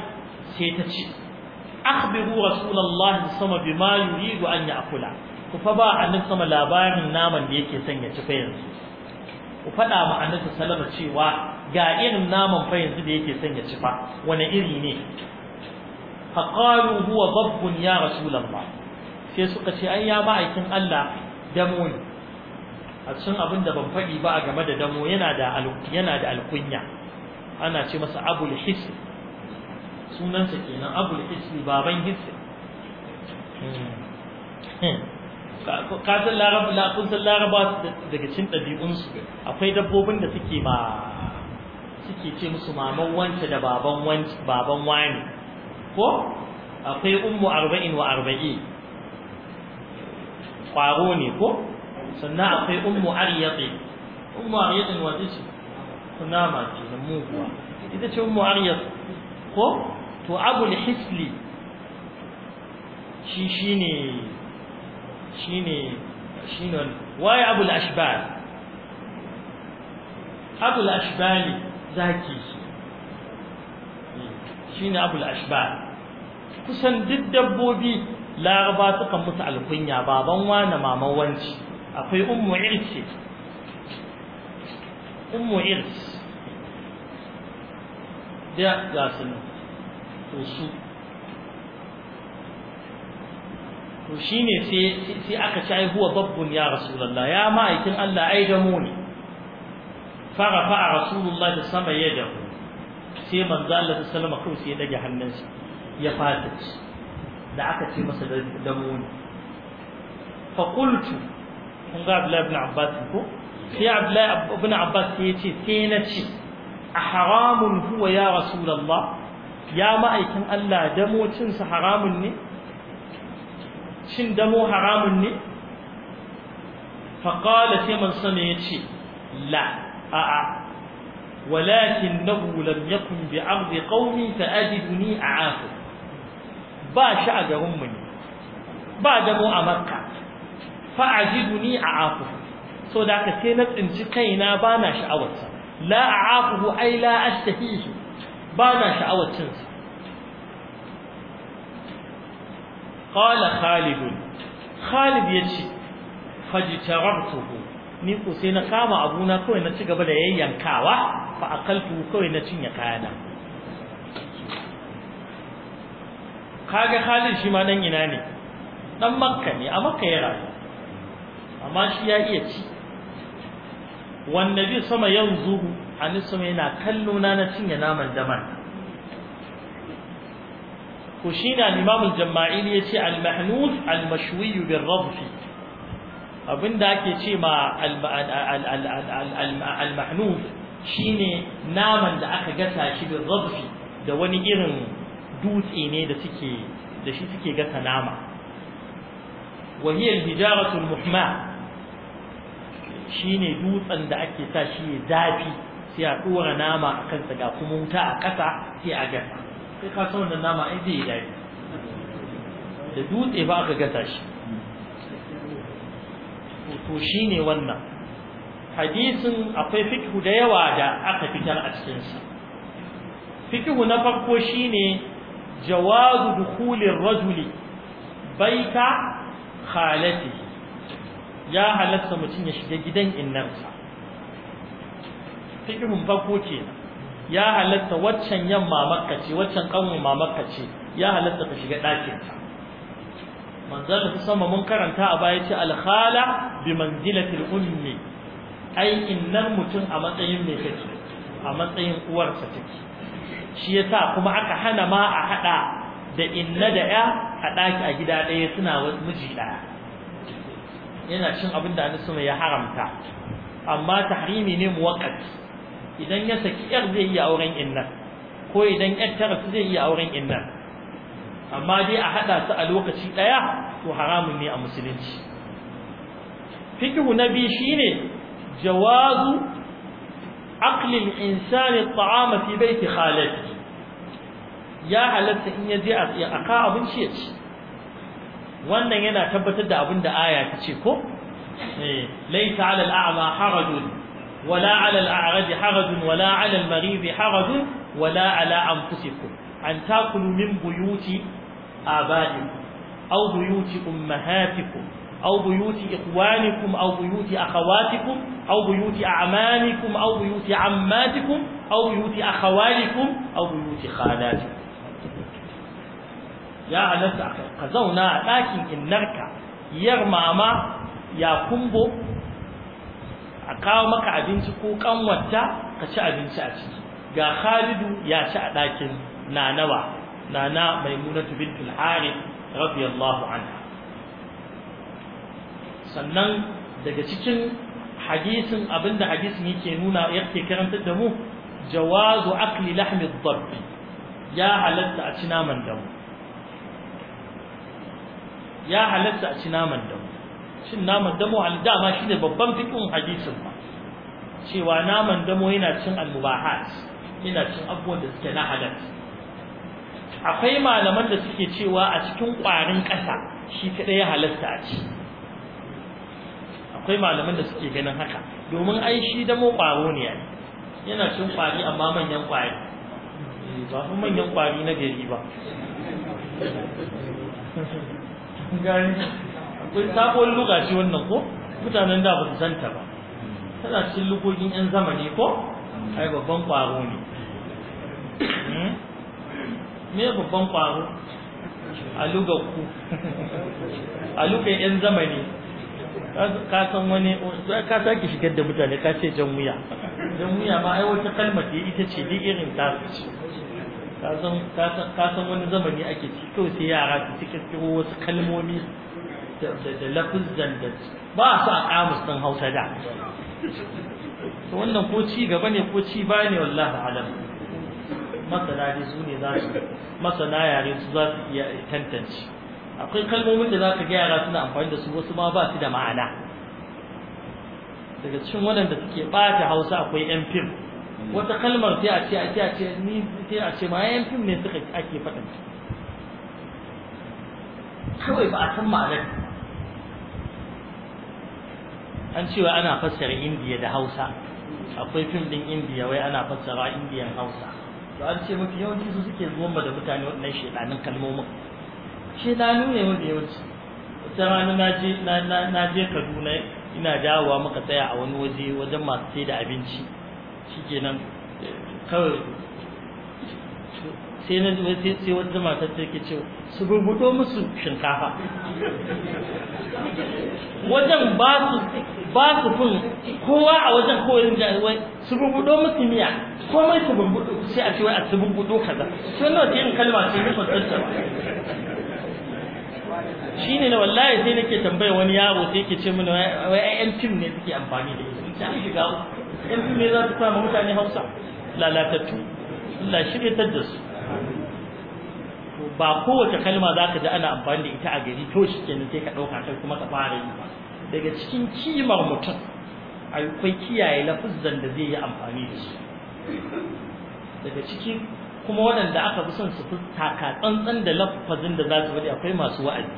sai ta ce akhbiru rasulullahi sama bima yuridu an ya'kula ku fa ba annabi sama labarin naman da yake son ya ci fa yanzu ku faɗa ma annabi sallama cewa ga irin naman fa yanzu da yake son ya ci fa wani iri ne qalu huwa dabbun ya rasulullah sai suka ce ai ya aikin Allah damo ne a cikin abin da ban faɗi ba a game da damo yana da yana da alkunya ana ce masa abul hisn sunansa kenan abul hisn baban hisn hmm. Hmm. ka san na kun laraba daga cin ɗabi'unsu akwai dabbobin da suke ba suke ce musu maman wance da baban wance baban wani ko akwai ummu arba'in wa arba'i kwaro ne ko sannan akwai ummu aryati ummu aryaɗin wa suna ma ce da muguwa ita ce ummu aryat ko to da hisli shi shine شيني شينون واي ابو الاشبال ابو الاشبال زاكي شيني ابو الاشبال كسن دد دبوبي لا غبا سكان مت الكنيا بابان وانا ماما وانشي اخوي ام عرس ام عرس ده ده سنه وسوق to shine sai sai aka ci ai huwa babbun ya rasulullah ya ma'aikin Allah ai da mu farafa a fa'a rasulullah da sama ya da sai manzo Allah sallama kawai sai ya dage hannunsa ya fata da aka ce masa da mu ne fa qultu kun ga Abdullah ibn Abbas ko sai Abdullah ibn Abbas sai sai na ce a haramun huwa ya rasulullah ya ma'aikin Allah da mocinsa haramun ne shin damo haramun ne faƙala sai man sama ya ce la a'a walakin na nahu lam yakun bi ardi qaumi fa ajiduni a'afu ba shi a garin mu ne ba damo a makka fa a a'afu so da aka sai na tsinci kaina ba na sha'awarsa la a a'afuhu ai la a ashtahihi ba na sha'awar cinsa قال خالد khalid yace fajtarabtuhu ni ko sai na kama abuna kawai na ci da yayyankawa fa akaltu kawai na cinye kayana kaga khalid shi ma dan ina ne dan makka ne a makka ya amma shi ya iya ci wannabi sama yanzu anisuma yana kallo na na cinye naman damar to shine al-Imam al yace al-mahnuth al-mashwi bil-radf abinda ake ce ma al-mahnuth shine naman da aka gasa shi bil-radf da wani irin dutse ne da suke da shi suke gasa nama wa hiya al-hijaratu al-muhma shine dutsen da ake sa shi ya zafi sai a dora nama akan sa ga kuma wuta a kasa sai a gasa sai ka san wannan nama ai zai yi da dutse ba ka gasa shi to shi ne wannan hadisin akwai fikihu da yawa da aka fitar a cikin sa fikihu na farko shine jawazu dukulin rajuli baita khalati ya halatta mutum ya shiga gidan innansa fikihun farko kenan ya halatta waccan yamma makka ce waccan ma makka ce ya halatta ta shiga ɗakin ta manzon ta sama mun karanta a baya ce alkhala bi manzilatil ummi ai innar mutum a matsayin me take a matsayin uwarsa take shi yasa kuma aka hana ma a hada da inna da ya a ɗaki a gida ɗaya suna miji ɗaya yana cin abin da annabi ya haramta amma tahrimi ne muwaqqati idan ya saki yar zai yi auren inna ko idan yar tara su zai yi auren inna amma dai a hada su a lokaci daya to haramun ne a musulunci fiqhu na biyu shine jawazu aqli al-insan at-ta'am fi bayt khalati ya halatta in yaje a ka abinci ya ci wannan yana tabbatar da abin da aya ta ce ko eh laysa 'ala al-a'ma harajun ولا على الأعرج حرج ولا على المريض حرج ولا على أنفسكم أن تأكلوا من بيوت آبائكم أو بيوت أمهاتكم أو بيوت إخوانكم أو بيوت أخواتكم أو بيوت أعمامكم أو بيوت عماتكم أو بيوت أخوالكم أو بيوت خالاتكم يا على قزونا لكن a ɗakin innarka يا كمبو a kawo maka abinci ko kanwata ka ci abinci a ciki ga Khalidu ya ci a ɗakin nanawa nana maimunatu bintul harith radiyallahu anha sannan daga cikin hadisin abinda hadisin yake nuna yake karantar da mu jawazu akli lahmi dhabb ya halatta a ci naman dawo ya halatta a ci naman damu Cin naman damo dama shi ne babban fikin hadisin ba cewa naman damo yana cin almubahat yana cin abubuwan da suke na halatta akwai malaman da suke cewa a cikin ƙwarin ƙasa shi kaɗai ya halasta a ci akwai malaman da suke ganin haka domin ai shi damo ƙwaro ne ya yana cin ƙwari amma manyan ƙwari eh, ba manyan ƙwari na gari ba kun sabuwar luga ce wannan ko mutanen da ba su santa ba tana cikin lugogin yan zamani ko ai babban kwaro ne hmm? me babban kwaro a lugar ku a lugar yan zamani ka san wani ka sake shigar da mutane ka ce jan wuya jan wuya ma ai wata kalma ce ita ce duk irin ta ka san wani zamani ake ci kawai sai yara su cikin wasu kalmomi da lafizan da ba su a kamus ɗin hausa da wannan ko ci gaba ne ko ci ba ne wallahi alam masana dai su ne za su masana yare su za su iya tantance akwai kalmomin da za ka ga yara suna amfani da su wasu ma ba su da ma'ana daga cikin waɗanda suke ɓata hausa akwai yan fim wata kalmar sai a ce a ce a ce ni sai a ce ma yan fim ne suka ake faɗin kawai ba a san ma'anar an cewa ana fassara indiya da hausa akwai fim din indiya wai ana fassara indiyan hausa to an ce mafi yawanci su suke zuwan da mutane waɗannan shedanin kalmomin shedanu ne wanda yawanci wata rana na je kaduna ina dawowa muka tsaya a wani waje wajen masu sai da abinci shikenan eh, kawai sai na sai sai wata matar ta ke cewa su burbudo musu shinkafa wajen ba su kun kowa a wajen koyon jami'ai su burbudo musu miya komai su burbudo sai a cewa a su burbudo kaza Su nawa ce in kalma sai ni ba? shi ne na wallahi sai nake tambaya wani yaro sai yake ce mana wai ai fim ne suke amfani da ita ta shiga yan fim ne za su sa mutane Hausa lalatattu Allah shirya ta ba kowace kalma za ka ji ana amfani da ita a gari to shi kenan sai ka ɗauka kai kuma ka fara yi ba daga cikin kimar mutum akwai kiyaye lafuzzan da zai yi amfani da shi daga cikin kuma waɗanda aka fi son su fi taka tsantsan da lafazin da za su faɗi akwai masu wa'azi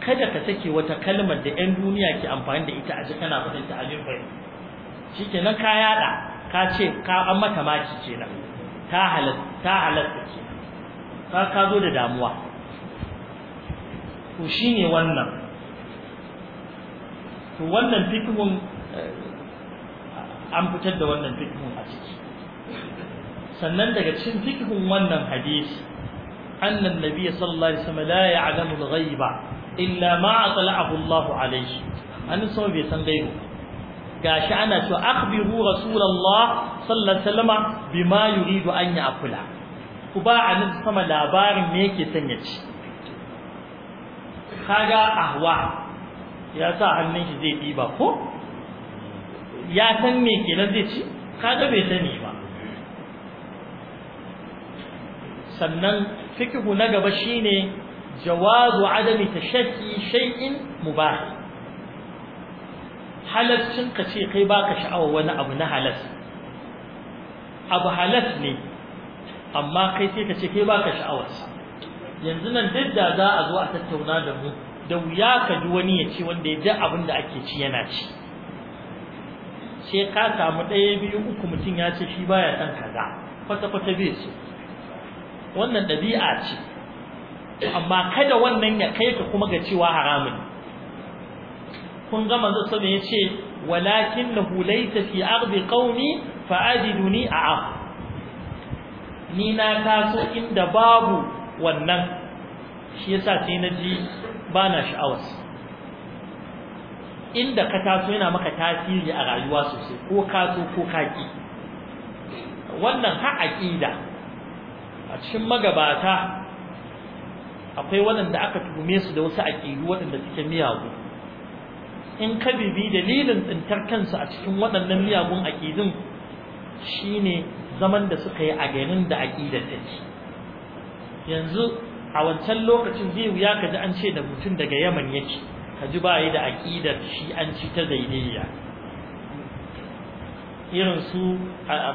kada ka sake wata kalmar da 'yan duniya ke amfani da ita a ji kana faɗin ta a jin fahimta shi ka yaɗa ka ce ka an mata maki kenan ta halal ta halatta ce ka ka zo da damuwa to shine wannan to wannan fikhun eh, an fitar da wannan fikhun a ciki sannan daga cikin fikhun wannan hadisi anna nabiyyi sallallahu alaihi wasallam la ya'lamu al-ghaiba illa ma atla'ahu Allah alaihi annabi bai san gaibu shi ana cewa akhbiru rasulullah sallallahu alaihi wasallam bima yuridu an ya'kula ku ba annabi sama labarin me yake son ya ci kaga ahwa ya sa hannun shi zai diba ko ya san me ke nan zai ci kaga bai sani ba sannan fikihu na gaba shine jawazu adami tashakki shay'in mubah halascin ka ce kai baka sha'awa wani abu na halas abu halas ne amma kai sai ka ce kai baka sha'awarsa yanzu nan duk da za a zo a tattauna da mu da wuya ka ji wani ya ce wanda ya ji abin da ake ci yana ci sai ka samu ɗaya biyu uku mutum ya ce shi baya ɗan kaza kwata-kwata bai so wannan ɗabi'a ce amma kada wannan ya kai ka kuma ga cewa haramun kun ga manzo sama yace walakinahu laysa fi ardi qaumi ajiduni a'a ni na taso inda babu wannan shi yasa sai na ji bana sha'awas inda ka taso yana maka tasiri a rayuwa sosai ko ka so ko ka ki wannan ha aqida a cikin magabata akwai waɗanda aka tuhume su da wasu aqidu waɗanda suke miyagu in ka bibi dalilin tsintar kansu a cikin waɗannan miyagun aƙidun shine zaman da suka yi a ganin da aƙidar ta ce yanzu a wancan lokacin zai wuya ka ji an ce da mutum daga yaman yake ka ji ba yi da aƙidar shi an ci ta daidaiya irin su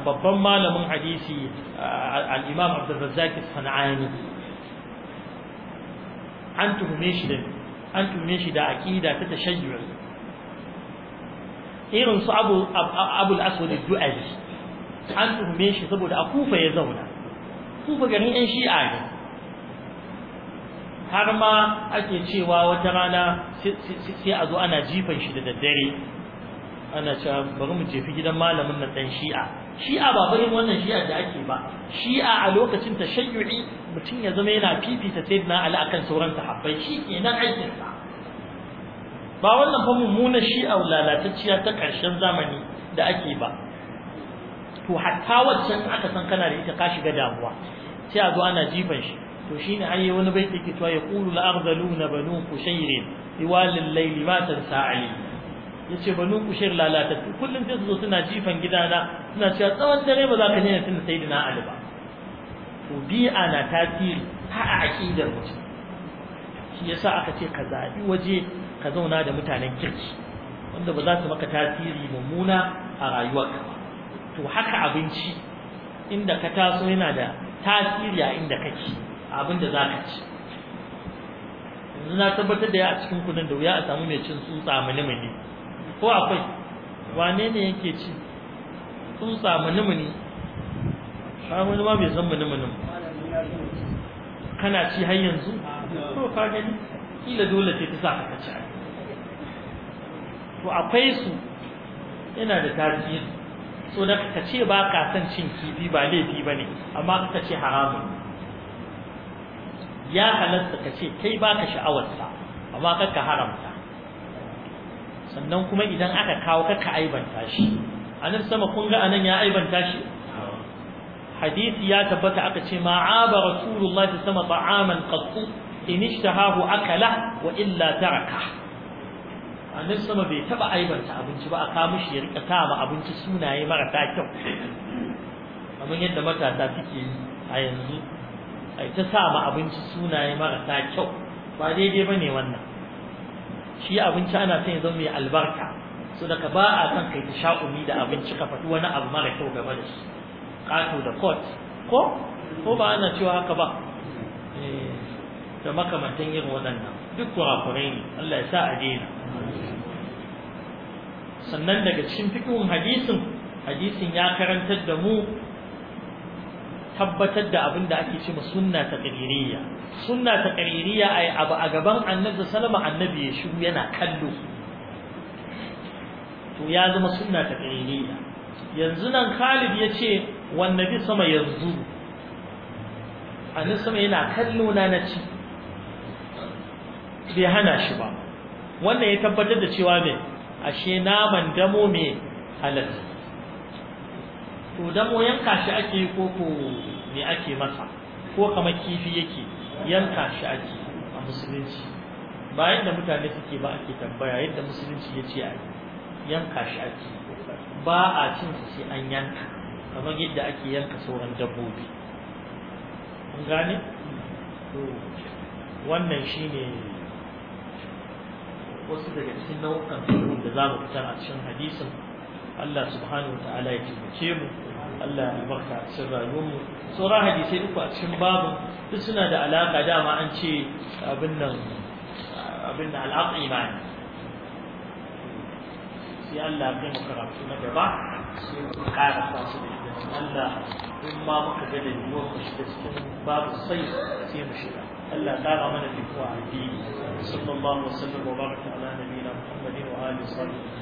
babban malamin hadisi al'imam imam sana'ani an tuhume shi da an tuhume shi da ta tashayyu'i irin su abu abul aswad du'ai an tuhume shi saboda a kufa ya zauna kufa garin yan shi'a ne har ma ake cewa wata rana sai a zo ana jifan shi da daddare ana cewa bari mu jefi gidan malamin nan dan shi'a shi'a ba barin wannan shi'a da ake ba shi'a a lokacin tashayyu'i mutum ya zama yana fifita sayyidina ali akan sauran sahabbai shi kenan aikin sa ba wannan fa mummunar shi'a lalatacciya ta ƙarshen zamani da ake ba to hatta waccan aka san kana da ita ka shiga damuwa sai a zo ana jifan shi to shine ai wani bai take cewa yaqulu al na banu qushayr Iwalin, Laili, layl ma tansa ali yace banu qushayr lalatattu kullum sai su zo suna jifan gidana suna cewa tsawon dare ba za ka daina tunda sayyidina ali ba to bi'a na tasiri har a aqidar mutum shi yasa aka ce ka zabi waje ka zauna da mutanen kirki wanda ba za su maka tasiri mummuna a rayuwarka to haka abinci inda ka taso yana da tasiri a inda kake abin da za ka ci yanzu na tabbatar da ya a cikin kudin da wuya a samu mai cin tsutsa mani-mani ko akwai wane ne yake ci tsutsa mani-mani har wani ma bai san mani-mani kana ci har yanzu ko ka gani kila dole ce ta sa ka ci to akwai su yana da tasiri so da ka ce ba ka san cin kifi ba laifi ba ne amma ka ce haramun ya halatta ka ce kai ba ka sha'awarsa amma ka haramta sannan kuma idan aka kawo ka aibanta shi anan sama kun ga anan ya aibanta shi hadisi ya tabbata aka ce ma'aba rasulullahi sama ta'aman qattu in ishtahahu akala wa illa taraka annabi sama bai taba aibanta abinci ba a kawo shi ya rika kama abinci sunaye marasa kyau kamar yadda matasa suke yi a yanzu ai ta sama abinci sunaye marasa kyau ba daidai bane wannan shi abinci ana son ya zama mai albarka so daga ba a san kai ta sha'umi da abinci ka faɗi wani abu mara kyau game da shi ƙato da kot ko ko ba ana cewa haka ba eh, da makamantan irin waɗannan duk kurakurai ne Allah ya sa a daina sannan daga cikin fikin hadisin hadisin ya karantar da mu tabbatar da abin da ake cewa sunna ta qaririya sunna ta qaririya ai abu a gaban annabi sallama annabi ya shigo yana kallo to ya zama sunna ta qaririya yanzu nan Khalid ya ce wannabi sama yanzu annabi sama yana kallo na naci bai hana shi ba wannan ya tabbatar da cewa me ashe naman damo me halal to damo yanka shi ake ko ko me ake masa ko kamar kifi yake yanka shi ake a musulunci ba yadda mutane suke ba ake tambaya yadda musulunci ya ce a yanka shi ake ba a cin sai an yanka kamar yadda ake yanka sauran dabbobi an gane wannan shine wasu daga cikin nau'ukan fiqh da za mu fita a cikin hadisin Allah subhanahu Ta'ala ya taimake mu Allah ya barka a cikin rayuwar mu sauran hadisai uku a cikin babu duk suna da alaka dama an ce abin nan abin nan al'aq imani sai Allah ya kai karatu na gaba sai mu ƙara sa su da Allah in ma muka ga da yiwuwar mu shiga cikin babu sai sai mu shiga الا بلغ من الدفاع عن الدين صلى الله وسلم وبارك على نبينا محمد واله وصحبه